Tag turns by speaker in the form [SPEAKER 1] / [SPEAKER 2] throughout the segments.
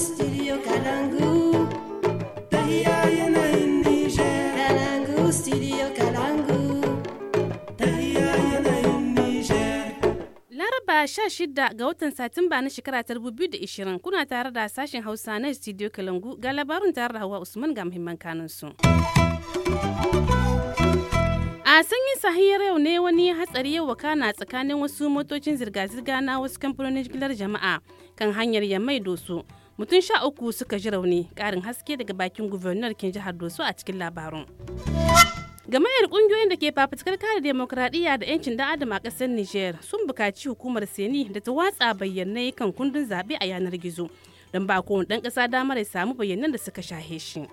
[SPEAKER 1] studio Kalangu. Laraba ga watan Satumba na shekara ta 2020 kuna tare da sashen Hausa na studio Kalangu ga labarin tare da Hawa Usman ga muhimman su. A sanyin sahiyar yau ne wani hatsari yau na tsakanin wasu motocin zirga-zirga na wasu kamfanonin jigilar jama'a kan hanyar yammai doso mutum sha uku suka ji rauni ƙarin haske daga bakin gubernar kin jihar doso a cikin labarun. gamayar kungiyoyin da ke fafutukar kare demokradiyya da yancin dan adam a kasar niger sun bukaci hukumar seni da ta watsa bayyanai kan kundin zaɓe a yanar gizo don ba kowane ɗan ƙasa damar ya samu bayyanan da suka shahe shi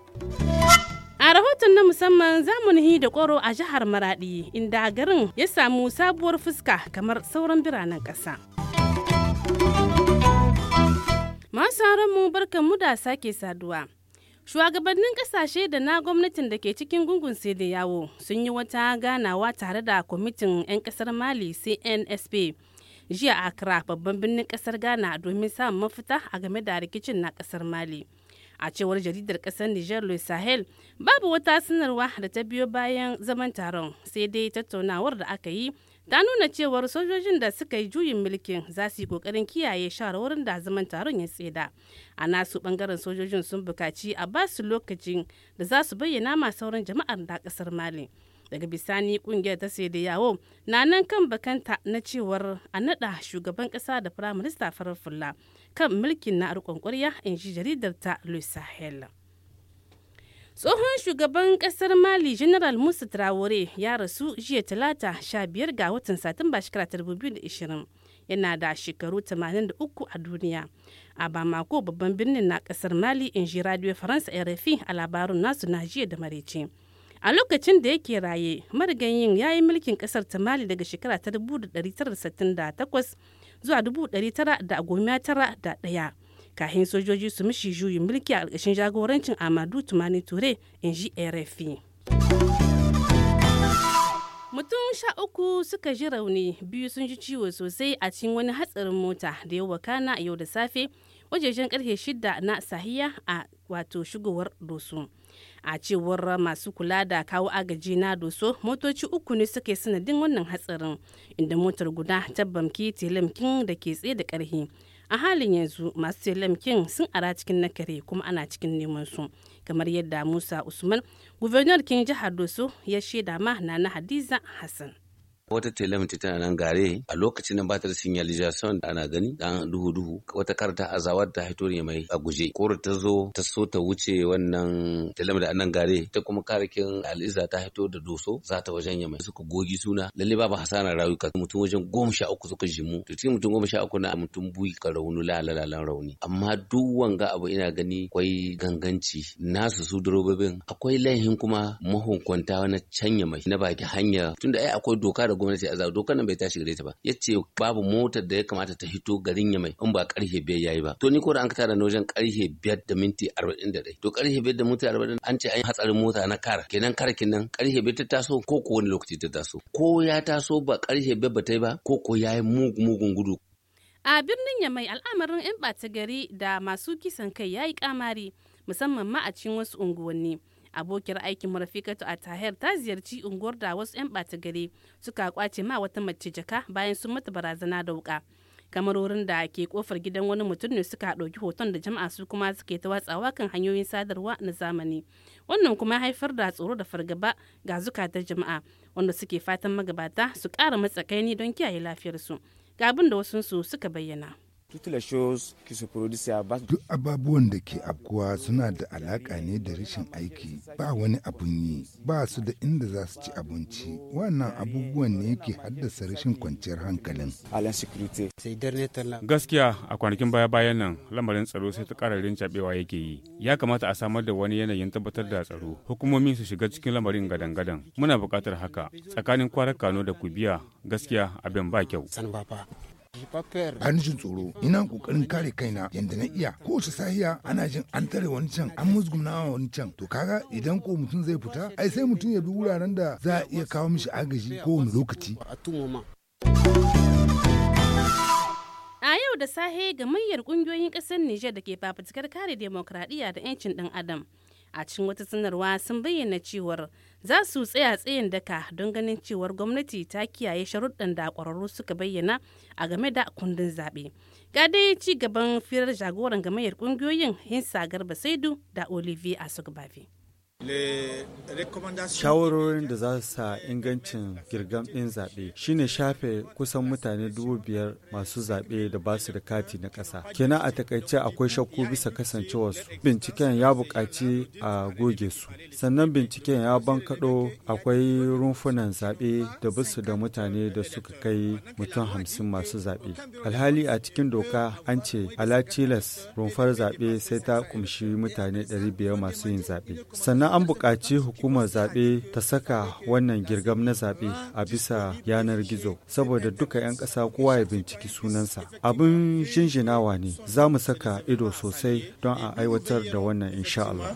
[SPEAKER 1] a rahoton na musamman zamunihi da koro a jihar maradi inda garin ya samu sabuwar fuska kamar sauran biranen ƙasa. Masu mu barkan mu da sake saduwa. Shugabannin kasashe da na gwamnatin da ke cikin gungun sai da yawo sun yi wata ganawa tare da kwamitin 'yan kasar Mali CNSP jiya a Accra babban birnin kasar Ghana domin samun mafita a game da rikicin na kasar Mali. a cewar jaridar kasar niger louis sahel babu wata sanarwa da ta biyo bayan zaman taron sai dai tattaunawar da aka yi ta nuna cewar sojojin da suka yi juyin mulkin za su yi kokarin kiyaye shawarwarin da zaman taron ya tseda a nasu bangaren sojojin sun bukaci a ba su lokacin da za su bayyana ma sauran jama'ar da kasar mali daga bisani kungiyar ta sai da yawo na nan kan bakanta na cewar a nada shugaban kasa da firaminista farar fulla kan mulkin na rikon kwarya in ji jaridar ta le sahel tsohon shugaban kasar mali general musa traore ya rasu jiya talata sha biyar ga watan satumba shekara 2020 yana da shekaru 83 a duniya a bamako babban birnin na kasar mali in ji radio faransa rfi a labarun nasu na jiya da marece a lokacin da yake raye marigayin ya yi mulkin kasar ta mali daga shekara ta 1968 zuwa dubu tara da da ɗaya. kahin sojoji su mishi juyin mulki a ƙarƙashin jagorancin amadu tumani ture in ji rfi mutum sha uku suka ji rauni biyu sun ji ciwo sosai a cikin wani hatsarin mota da ya wakana yau da safe wajejen karfe shida na sahiya a wato shigowar dosu a cewar masu kula da kawo agaji na doso motoci uku ne suka yi sanadin wannan hatsarin inda motar guda ta bamki telemkin da ke tsaye da karhi a halin yanzu masu telemkin sun ara cikin nakare kuma ana cikin neman su kamar yadda musa usman gubernur kin jihar doso ya shaida ma na hadiza hassan
[SPEAKER 2] wata telemetry tana nan gare a lokacin nan ba ta da signalization ana gani dan duhu duhu wata karta zawar ta haito ne mai a guje ko ta zo ta so ta wuce wannan telemetry nan gare ta kuma karakin al'iza ta haito da doso za ta wajen yamai suka gogi suna lalle babu hasarar rayuka mutum wajen goma sha uku suka jimu to cikin mutum goma sha uku na mutum bui ka rauni la la la rauni amma duk wanga abu ina gani kwai ganganci nasu su durobobin akwai laihin kuma mahunkwanta na canya mai na baki hanya tunda ai akwai doka da gwamnati a dokar nan bai tashi gare ta ba ya ce babu motar da ya kamata ta hito garin ya mai in ba karhe biyar yayi ba to ni ko da an tara nojan karfe karhe biyar da minti arba'in da dai to karhe biyar da minti arba'in an ce an yi hatsarin mota na kara. kenan kar kenan karhe biyar ta taso ko ko wani lokaci ta taso ko ya taso ba karhe biyar ba ta yi ba ko ko ya yi mugun gudu
[SPEAKER 1] a birnin yamai al'amarin 'yan ɓata gari da masu kisan kai ya yi kamari musamman ma a cikin wasu unguwanni abokiyar aikin marafikatu a tahir ta ziyarci unguwar da wasu 'yan ɓata gari suka kwace ma wata mace jaka bayan sun mata barazana da wuka wurin da ke kofar gidan wani mutum ne suka ɗauki hoton da jama'a su kuma suke ta watsawa kan hanyoyin sadarwa na zamani wannan kuma haifar da tsoro da fargaba ga zukatar jama'a wanda suke fatan magabata su ƙara matsakaini don kiyaye lafiyarsu ga abin da wasu su suka bayyana
[SPEAKER 3] Duk ababuwan da ke afkuwa suna da alaka ne da rashin aiki, ba wani abun yi, ba su da inda za su ci abinci. Wannan abubuwan ne ke haddasa rashin kwanciyar hankalin.
[SPEAKER 4] Gaskiya a kwanakin baya-bayan nan lamarin tsaro sai ta kararin cabewa yake yi. Ya kamata a samar da wani yanayin tabbatar da tsaro, hukumomin su shiga cikin lamarin gadan-gadan. Muna buƙatar haka tsakanin kwarar Kano da Kubiya gaskiya abin ba kyau.
[SPEAKER 3] Bani jin tsoro, ina kokarin kare kaina yadda na iya. Kowace sahiya ana jin an tare wani can, an musguna wani can. To kaga idan ko mutum zai fita, ai sai mutum ya bi wuraren da za a iya kawo mishi agaji kowane lokaci.
[SPEAKER 1] A yau da sahe gamayyar kungiyoyin ƙasar Nijar da ke fafutukar kare demokradiyya da 'yancin ɗan Adam a cikin wata sanarwa sun bayyana cewar za su tsaya tsayin daka don ganin cewar gwamnati ta kiyaye sharuɗɗan da ƙwararru suka bayyana a game da kundin zaɓe ga dai ci gaban firar jagoran gamayyar ƙungiyoyin hinsa garba saidu da olivier asogbafi
[SPEAKER 3] Shawarorin
[SPEAKER 4] da za su sa ingancin girgam ɗin zaɓe shine shafe kusan mutane dubu biyar masu zaɓe da ba su da kati na ƙasa. Kenan a takaice akwai shakku bisa kasancewarsu. Binciken ya buƙaci a goge su. Sannan binciken ya bankaɗo akwai rumfunan zaɓe da su da mutane da suka kai mutum hamsin masu zaɓe. Alhali a cikin doka an ce ala rumfar zaɓe sai ta ƙumshi mutane ɗari biyar masu yin zaɓe. Sannan Sannan an buƙaci hukumar zaɓe ta saka wannan girgam na zaɓe a bisa yanar gizo saboda duka 'yan ƙasa kowa ya binciki sunansa. Abin jinjinawa ne za mu saka ido sosai don a aiwatar da wannan insha Allah.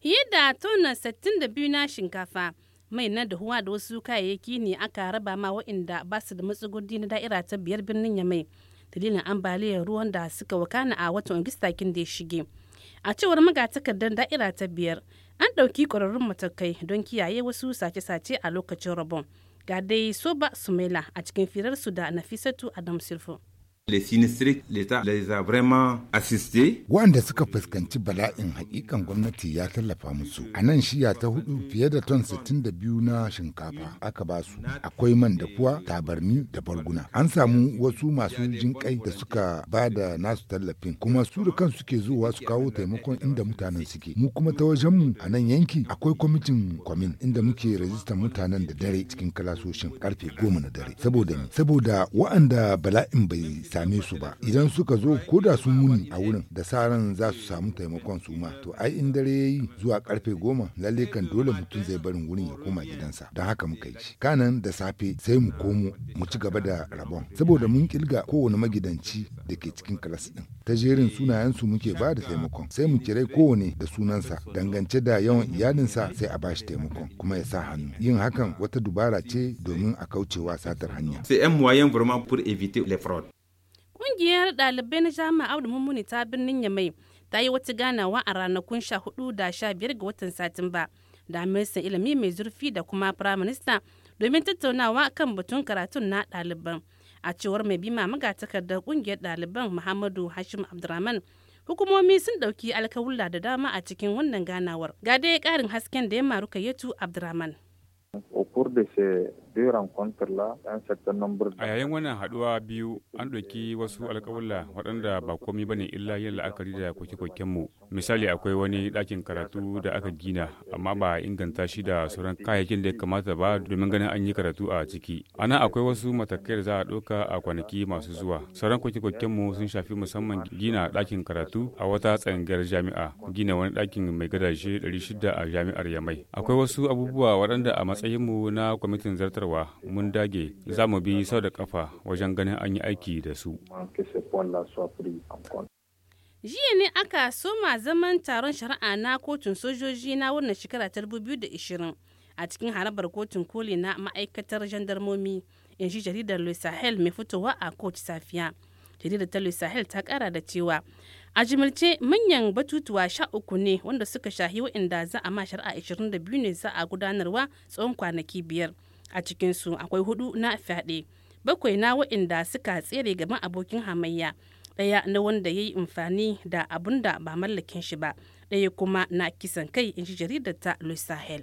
[SPEAKER 1] Yadda tona 62 na shinkafa mai na dahuwa da wasu kayayyaki ne aka raba ma waɗanda ba su da matsugudi na da'ira ta biyar birnin ya mai Dalilin ambaliyar ruwan da suka wakana a watan Agusta kin da ya shige. a cewar magatakardar da'ira ta biyar an ɗauki ƙwararrun matakai don kiyaye wasu sace-sace a lokacin rabon ga dai soba sumaila a cikin firarsu da nafisatu adam silfo
[SPEAKER 3] vraiment wanda suka fuskanci bala'in hakikan gwamnati ya tallafa musu. A nan shiya ta hudu fiye da ton 62 na shinkafa aka ba su. Akwai man da kuwa tabarni da barguna. An samu wasu masu jinkai da suka ba da nasu tallafin kuma su da kansu ke zuwa su kawo taimakon inda mutanen suke. Mu kuma ta wajenmu a nan yanki akwai kwamitin kwamin inda muke rajistar mutanen da dare cikin kalasoshin karfe goma na dare. Saboda saboda wa'anda bala'in bai sa same su ba idan suka zo ko da sun muni a wurin da sa ran za su samu taimakon su ma to ai in dare yayi zuwa karfe goma lalle kan dole mutum zai barin wurin ya koma gidansa don haka muka yi kanan da safe sai mu komo mu ci gaba da rabon saboda mun kilga kowane magidanci da ke cikin kalas din ta jerin sunayensu muke ba da taimakon sai mu kirai kowane da sunansa dangance da yawan iyalinsa sai a bashi taimakon kuma ya sa hannu yin hakan wata dubara ce domin a kaucewa satar hanya. C'est un moyen vraiment pour éviter les fraudes.
[SPEAKER 1] Kungiyar dalibai na jami'a Audu Mummuni ta birnin Yamai ta yi wata ganawa a ranakun hudu da sha biyar ga watan Satumba da ministan ilimi mai zurfi da kuma firaminista domin tattaunawa kan batun karatun na daliban A cewar mai bima takardar kungiyar daliban Muhammadu Hashim Abdurrahman hukumomi sun ɗauki alkawulla da dama a cikin wannan ganawar. Ga dai karin hasken da ya maru Kayetu Abdurrahman.
[SPEAKER 4] deux la un certain nombre a yayin wannan haduwa biyu an ɗauki wasu alƙawalla waɗanda ba komai ne illa yin la'akari da koke-koken misali akwai wani ɗakin karatu da aka gina amma ba inganta shi da sauran kayayyakin da ya kamata ba domin ganin an yi karatu a ciki ana akwai wasu matakai da za a ɗauka a kwanaki masu zuwa sauran koke-koken mu sun shafi musamman gina ɗakin karatu a wata tsangayar jami'a gina wani ɗakin mai gadashe 600 a jami'ar yamai akwai wasu abubuwa waɗanda a matsayinmu na kwamitin zartar aiwatarwa mun dage za mu bi sau da kafa wajen ganin an yi aiki da su.
[SPEAKER 1] jiya ne aka soma zaman taron shari'a na kotun sojoji na wannan shekara ta 2020 a cikin harabar kotun koli na ma'aikatar jandarmomi in ji jaridar louis sahel mai fitowa a kot safiya jaridar ta louis sahel ta kara da cewa a jimilce manyan batutuwa sha uku ne wanda suka shahi wa'inda za a ma shari'a 22 ne za a gudanarwa tsawon kwanaki biyar a cikin su akwai hudu na fyaɗe bakwai na waɗanda suka tsere gaban abokin hamayya ɗaya na wanda ya yi amfani da abun da ba mallakin shi ba ɗaya kuma na kisan kai in ji jaridar ta louis sahel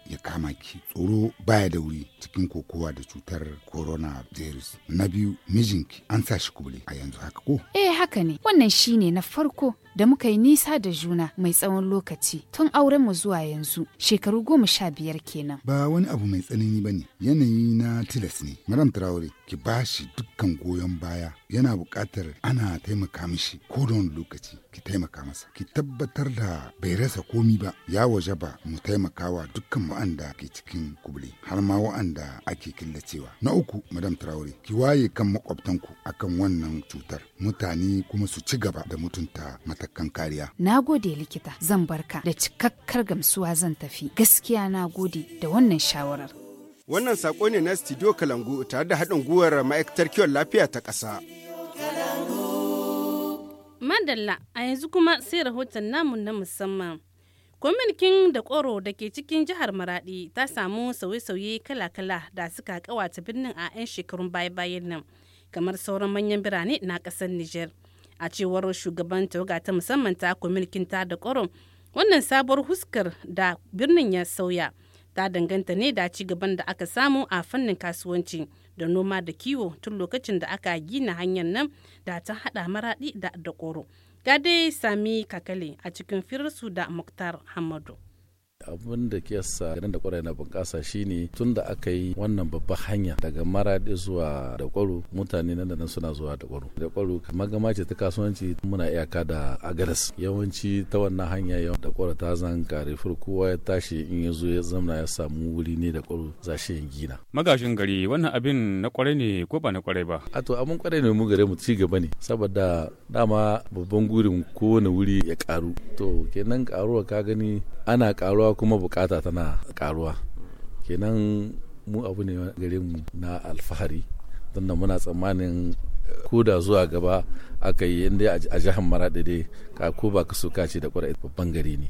[SPEAKER 3] ya kama ki tsoro baya da wuri cikin kokowa da cutar coronavirus na biyu mijinki an sa shi kubule a yanzu haka ko
[SPEAKER 1] eh
[SPEAKER 5] haka ne wannan shine na farko da muka yi nisa da juna mai tsawon lokaci tun auren mu zuwa yanzu shekaru goma sha biyar kenan.
[SPEAKER 3] Ba wani abu mai tsanani ba ne yanayi na tilas ne. Maram Traore ki ba shi dukkan goyon baya yana buƙatar ana taimaka mishi ko da wani lokaci ki taimaka masa. Ki tabbatar da bai rasa komi ba ya waje ba mu taimakawa dukkan wa'anda ke cikin kubule har ma wa'anda ake killacewa. Na uku Madam Traore ki waye kan makwabtanku akan wannan cutar mutane kuma su ci gaba da mutunta mata. matakan kariya.
[SPEAKER 5] Na gode likita zan barka da cikakkar gamsuwa zan tafi. Gaskiya na gode da wannan shawarar.
[SPEAKER 3] Wannan saƙo ne na Studio Kalangu tare da haɗin gwiwar ma'aikatar kiwon lafiya ta ƙasa.
[SPEAKER 1] Madalla a yanzu kuma sai rahoton namu na musamman. Kwamitin da koro da ke cikin jihar maraɗi ta samu sauye-sauye kala-kala da suka kawata birnin a 'yan shekarun baya-bayan nan, kamar sauran manyan birane na ƙasar Nijar. a cewar shugaban tawaga ta musamman ta kwamilkin ta da korom wannan sabuwar huskar da birnin ya sauya ta danganta ne da ci gaban da aka samu a fannin kasuwanci da noma da kiwo tun lokacin da aka gina hanyar nan da ta hada maradi da da koro ga dai sami kakale a cikin firarsu da muktar hamadu
[SPEAKER 2] abin da ke sa da kwarai na bunƙasa shine tun da aka yi wannan babban hanya daga maradi zuwa da kwaro mutane nan da nan suna zuwa da kwaro da kwaro magama ce ta kasuwanci muna iyaka da agaras yawanci ta wannan hanya yau da kwaro ta zan kare kowa ya tashi in ya zo ya zamna ya samu wuri ne da kwaro za shi yin gina
[SPEAKER 4] magashin gari wannan abin na kwarai ne ko ba na kwarai ba
[SPEAKER 2] a to abin kwarai ne mu gare mu ci gaba ne saboda dama babban gurin kowane wuri ya karu to kenan karuwa ka gani ana karuwa kuma bukata tana karuwa kenan mu abu ne gare mu na alfahari don muna tsammanin eh, ko da zuwa gaba aka yi inda a jihar maraɗi dai ka ko ba ka suka ce da ƙwararri babban gari ne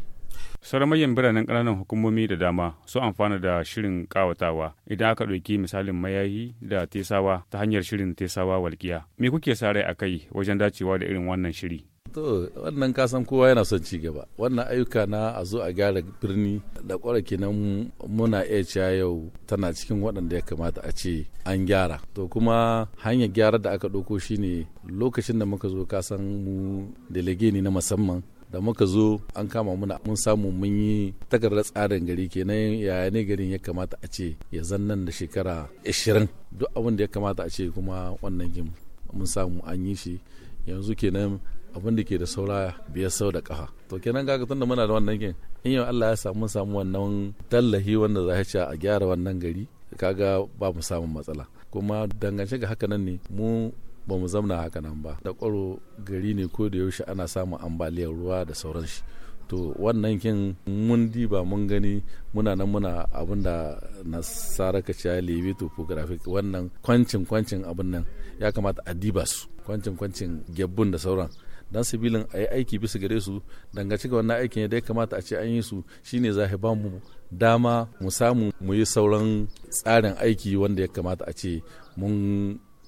[SPEAKER 2] sauran
[SPEAKER 4] biranen ƙananan hukumomi da dama su amfana da shirin ƙawatawa idan aka ɗauki misalin mayayi da tesawa ta hanyar shirin tesawa walƙiya me kuke sa rai a kai wajen dacewa da irin
[SPEAKER 2] wannan shiri to wannan kasan kowa yana son ci gaba wannan ayyuka na a zo a gyara birni da kwara nan muna iya cewa yau tana cikin waɗanda ya kamata a ce an gyara to kuma hanyar gyara da aka ɗauko shine lokacin da muka zo kasan mu delege ne na musamman da muka zo an kama muna mun samu mun yi takardar tsarin gari kenan yaya ne garin ya kamata a ce ya zan nan da shekara 20 duk abin da ya kamata a ce kuma wannan gim mun samu an yi shi yanzu kenan abin da ke da saura biyar sau da kafa to kenan kaga tunda muna da wannan kin in yau Allah ya samu samu wannan tallahi wanda za ci a gyara wannan gari kaga ba mu samun matsala kuma dangance ga haka nan ne mu ba mu zamna haka nan ba da kwaro gari ne ko da yaushe ana samun ambaliyar ruwa da sauran shi to wannan kin mun diba mun gani muna nan muna abin da nasara ka ciya lebe topographic wannan kwancin kwancin abin nan ya kamata a diba su kwancin kwancin gyabbun da sauran dan sabilin a yi aiki bisa gare su dangace ga wannan aikin da ya kamata a ce an yi su shine za ba mu dama mu samu mu yi sauran tsarin aiki wanda ya kamata a ce mun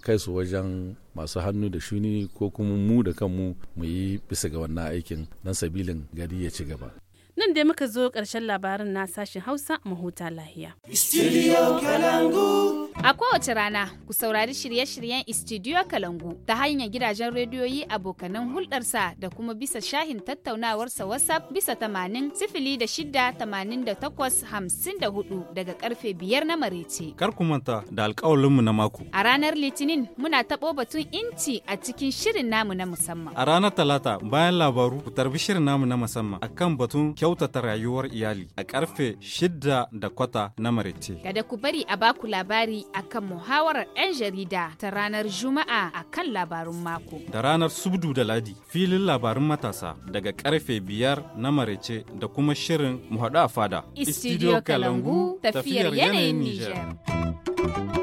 [SPEAKER 2] kai su wajen masu hannu da shuni ko kuma mu da kanmu mu yi bisa ga wannan aikin dan sabilin gari ya ci gaba
[SPEAKER 1] Nan dai muka zo ƙarshen labarin na sashen Hausa mahuta lahiya. A
[SPEAKER 5] kowace rana ku saurari shirye-shiryen Studio Kalangu ta hanyar gidajen rediyoyi abokanan hulɗarsa da kuma bisa shahin tattaunawarsa WhatsApp bisa tamanin sifili da shida tamanin da takwas hamsin da hudu daga karfe biyar na marece.
[SPEAKER 4] Kar ku manta da alƙawalinmu na mako.
[SPEAKER 5] A ranar Litinin muna taɓo batun inci a cikin shirin namu na musamman.
[SPEAKER 4] A ranar Talata bayan labaru ku tarbi shirin namu na musamman akan batun kyautata rayuwar iyali a karfe shidda da kwata na maraice.
[SPEAKER 5] Kada ku bari a baku labari akan muhawarar 'yan jarida ta ranar Juma'a akan labarun mako.
[SPEAKER 4] Da ranar Subdu da Ladi filin labarun matasa daga karfe biyar na maraice da kuma shirin muhaɗu a fada. Istidiyo Kalangu tafiyar yanayin
[SPEAKER 5] Nijar.